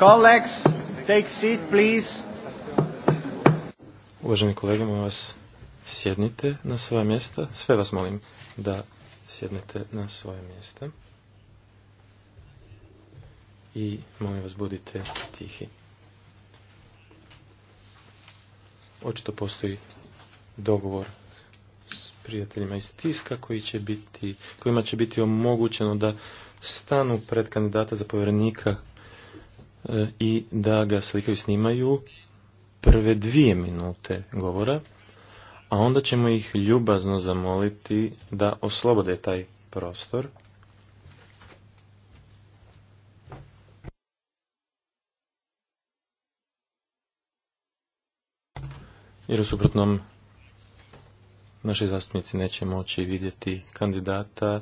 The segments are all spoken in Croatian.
Colleagues, take seat, please. Uvaženi kolege, molim vas, sjednite na svoje mjesta. Sve vas molim da sjednete na svoje mjesta. I molim vas, budite tihi. Očito postoji dogovor s prijateljima iz tiska koji će biti, kojima će biti omogućeno da stanu pred kandidata za povjerenika E, i da ga slikaju snimaju prve dvije minute govora, a onda ćemo ih ljubazno zamoliti da oslobode taj prostor. Jer u suprotnom naši zastupnici neće moći vidjeti kandidata,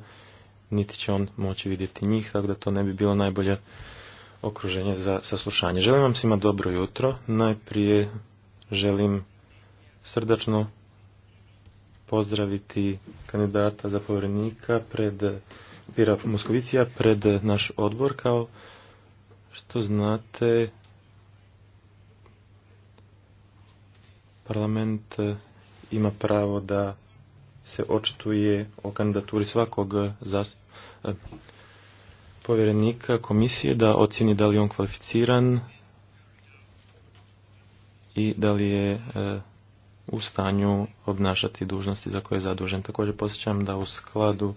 niti će on moći vidjeti njih, tako da to ne bi bilo najbolje okruženje za saslušanje. Želim vam svima dobro jutro. Najprije želim srdačno pozdraviti kandidata za povjerenika pred Pira Moskovicija, pred naš odbor. Kao što znate, parlament ima pravo da se očituje o kandidaturi svakog zastupnika povjerenika komisije da ocjeni da li je on kvalificiran i da li je e, u stanju obnašati dužnosti za koje je zadužen. Također posjećam da u skladu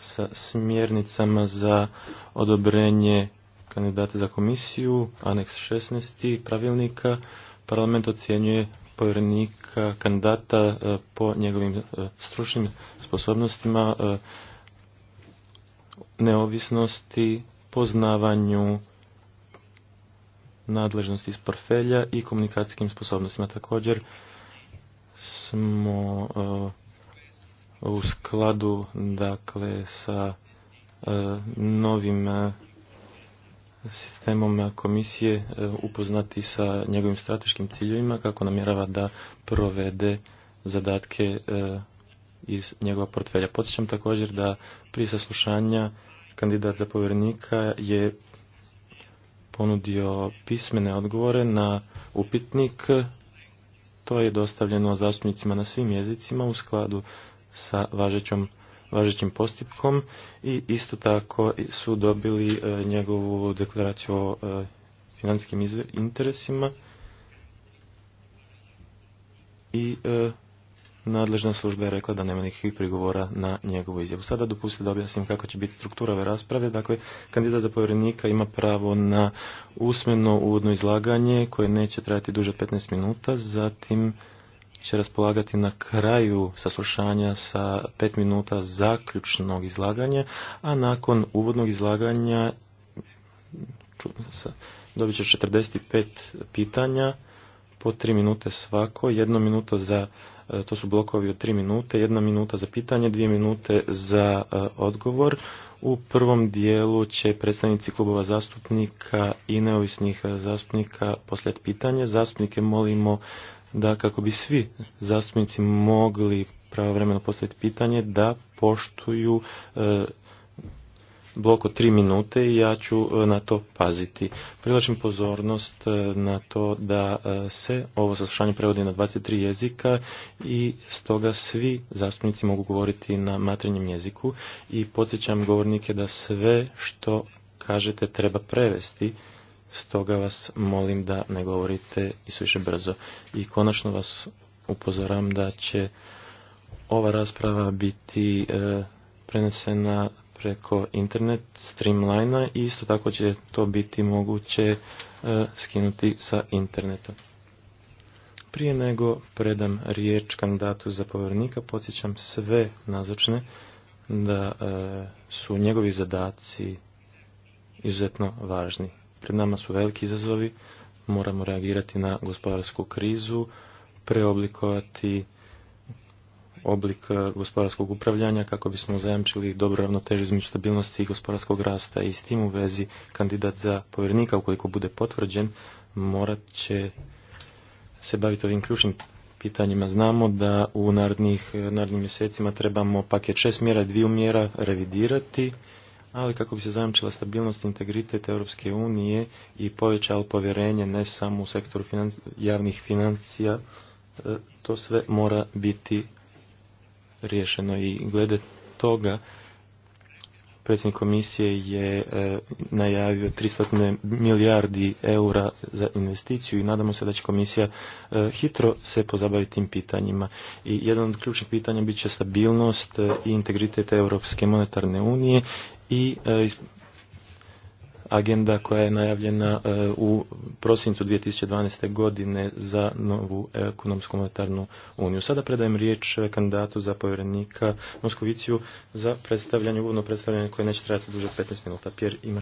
sa smjernicama za odobrenje kandidata za komisiju, aneks 16. pravilnika, parlament ocjenjuje povjerenika kandidata e, po njegovim e, stručnim sposobnostima, neovisnosti, poznavanju nadležnosti iz portfelja i komunikacijskim sposobnostima. Također smo e, u skladu dakle sa e, novim e, sistemom komisije upoznati sa njegovim strateškim ciljevima kako namjerava da provede zadatke iz njegova portfelja. Podsjećam također da prije saslušanja kandidat za povjerenika je ponudio pismene odgovore na upitnik. To je dostavljeno zastupnicima na svim jezicima u skladu sa važećom važećim postupkom i isto tako su dobili e, njegovu deklaraciju o e, financijskim interesima i e, nadležna služba je rekla da nema nikakvih prigovora na njegovu izjavu. Sada dopustite da objasnim kako će biti struktura ove rasprave. Dakle, kandidat za povjerenika ima pravo na usmeno uvodno izlaganje koje neće trajati duže 15 minuta, zatim će raspolagati na kraju saslušanja sa 5 minuta zaključnog izlaganja, a nakon uvodnog izlaganja dobit će 45 pitanja po 3 minute svako, jedno minuto za E, to su blokovi od tri minute, jedna minuta za pitanje, dvije minute za e, odgovor. U prvom dijelu će predstavnici klubova zastupnika i neovisnih e, zastupnika postaviti pitanje. Zastupnike molimo da kako bi svi zastupnici mogli pravovremeno postaviti pitanje da poštuju bloko tri minute i ja ću e, na to paziti. Privlačim pozornost e, na to da e, se ovo saslušanje prevodi na 23 jezika i stoga svi zastupnici mogu govoriti na materinjem jeziku i podsjećam govornike da sve što kažete treba prevesti stoga vas molim da ne govorite i više brzo. I konačno vas upozoram da će ova rasprava biti prenesena preko internet streamlina i isto tako će to biti moguće e, skinuti sa interneta. Prije nego predam riječ kandidatu za povjernika, podsjećam sve nazočne da e, su njegovi zadaci izuzetno važni. Pred nama su veliki izazovi, moramo reagirati na gospodarsku krizu, preoblikovati oblik e, gospodarskog upravljanja kako bismo zajamčili dobro ravnotežu između stabilnosti i gospodarskog rasta i s tim u vezi kandidat za povjernika, ukoliko bude potvrđen morat će se baviti ovim ključnim pitanjima. Znamo da u narednih, e, narednim mjesecima trebamo paket šest mjera, dviju mjera revidirati, ali kako bi se zajamčila stabilnost i integritet Europske unije i povećalo povjerenje ne samo u sektoru javnih financija, e, to sve mora biti riješeno i glede toga predsjednik komisije je e, najavio 300 milijardi eura za investiciju i nadamo se da će komisija e, hitro se pozabaviti tim pitanjima. I jedan od ključnih pitanja bit će stabilnost e, i integritet Europske monetarne unije i agenda koja je najavljena e, u prosincu 2012. godine za novu e, ekonomsku monetarnu uniju. Sada predajem riječ e, kandidatu za povjerenika Moskoviciju za predstavljanje, uvodno predstavljanje koje neće trajati duže od 15 minuta. Pjer ima